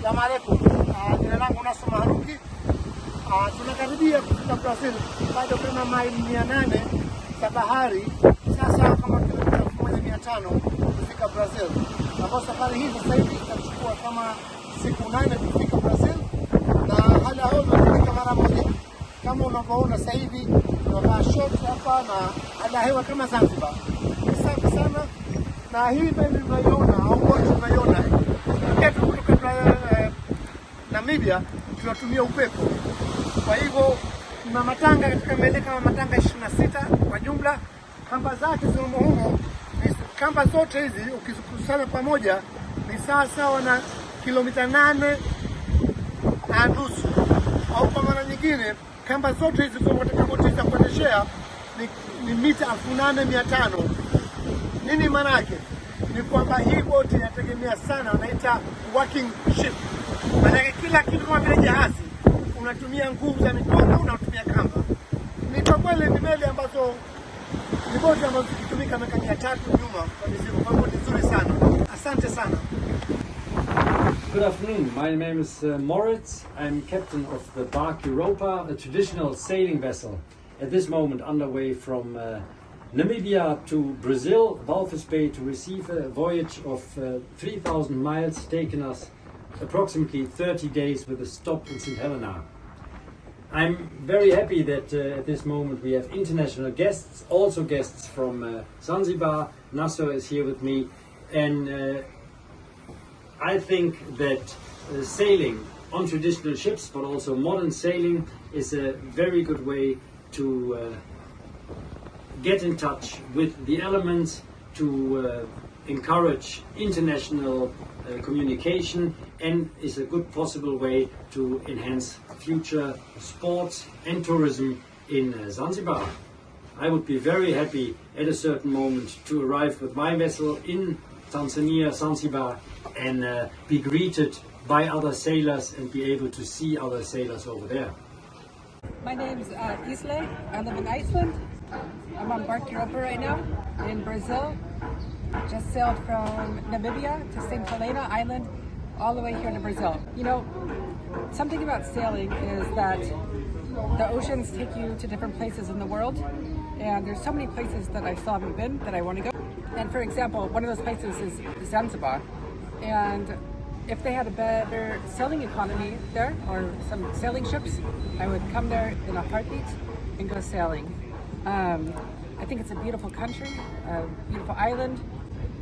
Assalamu alaikum. Ah, jina langu Nasr Maharuki. Ah, tunakaribia kufika Brazil bado kama maili mia nane za bahari, sasa kama kilomita elfu kufika Brazil, ambapo safari hii sasa hivi itachukua kama siku nane kufika Brazil na hali haoaika mara moja kama unavyoona sasa hivi tunavaa short hapa na hali hewa kama Zanzibar ni safi sana, na hii meli unaiona au boti unaiona kutoka Namibia tunatumia upepo. Kwa hivyo tuna matanga katika maeneo kama matanga 26 kwa jumla. Kamba zake zilimo humo, kamba zote hizi ukizikusanya pamoja ni sawa sawa na kilomita nane na nusu, au kwa maana nyingine kamba zote hizi katika boti za kuendeshea ni, ni mita elfu Nini maana yake? Ni kwamba hii boti inategemea sana, wanaita working ship kila kitu kama vile jahazi unatumia nguvu za mikono, unatumia kamba. Ni kwa kweli ni meli ambazo ni boti ambazo zikitumika miaka mia tatu nyuma kwa mizigo, kwa ni nzuri sana. Asante sana. Good afternoon. My name is uh, Moritz. I'm captain of the Bark Europa, a traditional sailing vessel at this moment underway from uh, Namibia to Brazil, Walvis Bay, to receive a voyage of uh, 3,000 miles, taking us approximately 30 days with a stop in St. Helena. I'm very happy that uh, at this moment we have international guests, also guests from uh, Zanzibar. Nasser is here with me, and uh, I think that uh, sailing on traditional ships, but also modern sailing, is a very good way to uh, get in touch with the elements, to uh, encourage international uh, communication and is a good possible way to enhance future sports and tourism in uh, Zanzibar. I would be very happy at a certain moment to arrive with my vessel in Tanzania, Zanzibar, and uh, be greeted by other sailors and be able to see other sailors over there. My name is uh, Isle. I live in Iceland. I'm on Bark Europa right now in Brazil. Just sailed from Namibia to St. Helena Island all the way here to Brazil. You know, something about sailing is that the oceans take you to different places in the world and there's so many places that I still haven't been that I want to go. And for example, one of those places is Zanzibar. And if they had a better sailing economy there or some sailing ships, I would come there in a heartbeat and go sailing. Um, I think it's a beautiful country, a beautiful island,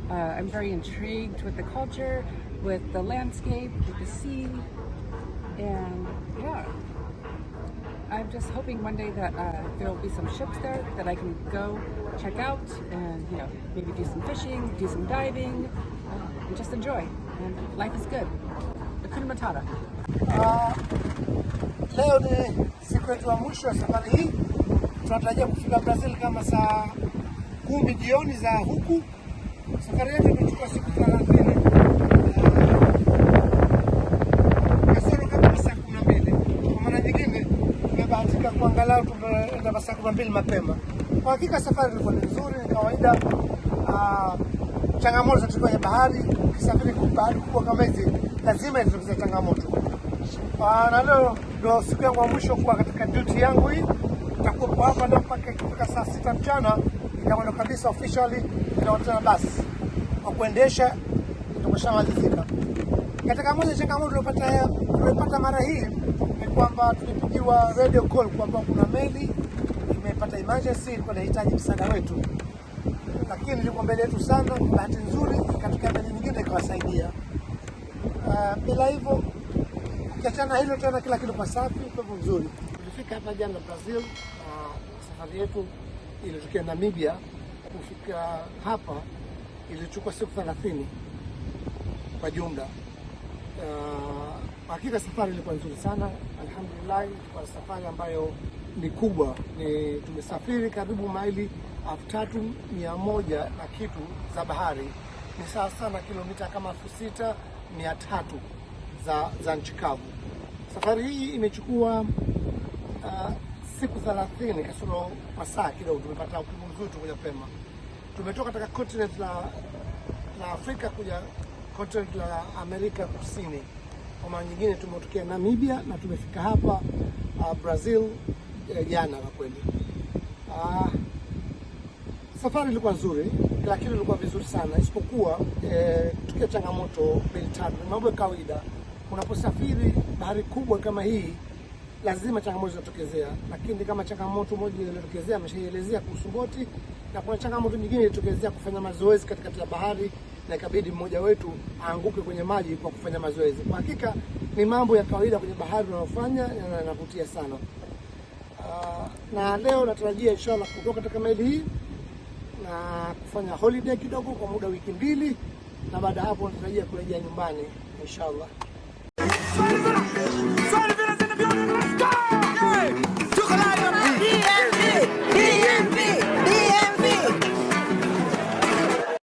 uh, I'm very intrigued with the culture, with the landscape, with the sea, and yeah. I'm just hoping one day that uh, there will be some ships there that I can go check out and you know maybe do some fishing, do some diving, uh, and just enjoy. And life is good. Hakuna Matata. Uh, leo ni siku yetu ya mwisho ya safari hii. Tunatarajia kufika Brazil kama saa kumi jioni za huku. Safari yetu imechukua siku thelathini kasoro kama masaa kumi na mbili. Kwa mara nyingine tumebahatika kuangalau tumeenda masaa kumi na mbili mapema. Kwa hakika safari ilikuwa ni nzuri, ni kawaida. Ah, changamoto zetu kwenye bahari, ukisafiri kwa bahari kubwa kama hizi lazima itokeze changamoto. Ah, na leo ndio siku yangu ya mwisho kuwa katika duty yangu hii, nitakuwa hapa mpaka ikifika saa sita mchana inakwenda kabisa officially inakutana basi kwa kuendesha tumeshamalizika. Katika moja changamoto tuliyopata tulipata mara hii ni kwamba tulipigiwa radio call kwamba kuna meli imepata emergency, ilikuwa inahitaji msaada wetu, lakini ilikuwa mbele yetu sana. Bahati nzuri katika meli nyingine ikawasaidia. Uh, bila hivyo ukiachana hilo tena, kila kitu kwa safi, kwa hivyo mzuri. Tulifika hapa jana Brazil na uh, safari yetu ilitokea Namibia, kufika hapa ilichukua siku 30 kwa jumla. Uh, hakika safari ilikuwa nzuri sana, alhamdulillah. Kwa safari ambayo ni kubwa, ni tumesafiri karibu maili elfu tatu mia moja na kitu za bahari, ni sawa sana kilomita kama elfu sita mia tatu za, za nchi kavu. Safari hii imechukua siku 30 kasoro eh, masaa kidogo tumepata upimu mzuri, tukuja pema. Tumetoka katika continent la, la Afrika kuja continent la Amerika Kusini. Kwa mara nyingine tumetokea Namibia na tumefika hapa uh, Brazil eh, jana uh, kwa kweli uh, safari ilikuwa nzuri, lakini ilikuwa vizuri sana, isipokuwa eh, tukia changamoto mbili tatu, mambo ya kawaida unaposafiri bahari kubwa kama hii lazima changamoto zinatokezea lakini kama changamoto moja iliyotokezea ameshaielezea kuhusu boti, na kuna changamoto nyingine ilitokezea kufanya mazoezi katikati ya bahari na ikabidi mmoja wetu aanguke kwenye maji kwa kufanya mazoezi. Kwa hakika ni mambo ya kawaida kwenye bahari unayofanya na yanavutia sana. Uh, na leo natarajia inshallah kutoka katika meli hii na kufanya holiday kidogo kwa muda wiki mbili, na baada ya hapo natarajia kurejea nyumbani inshallah.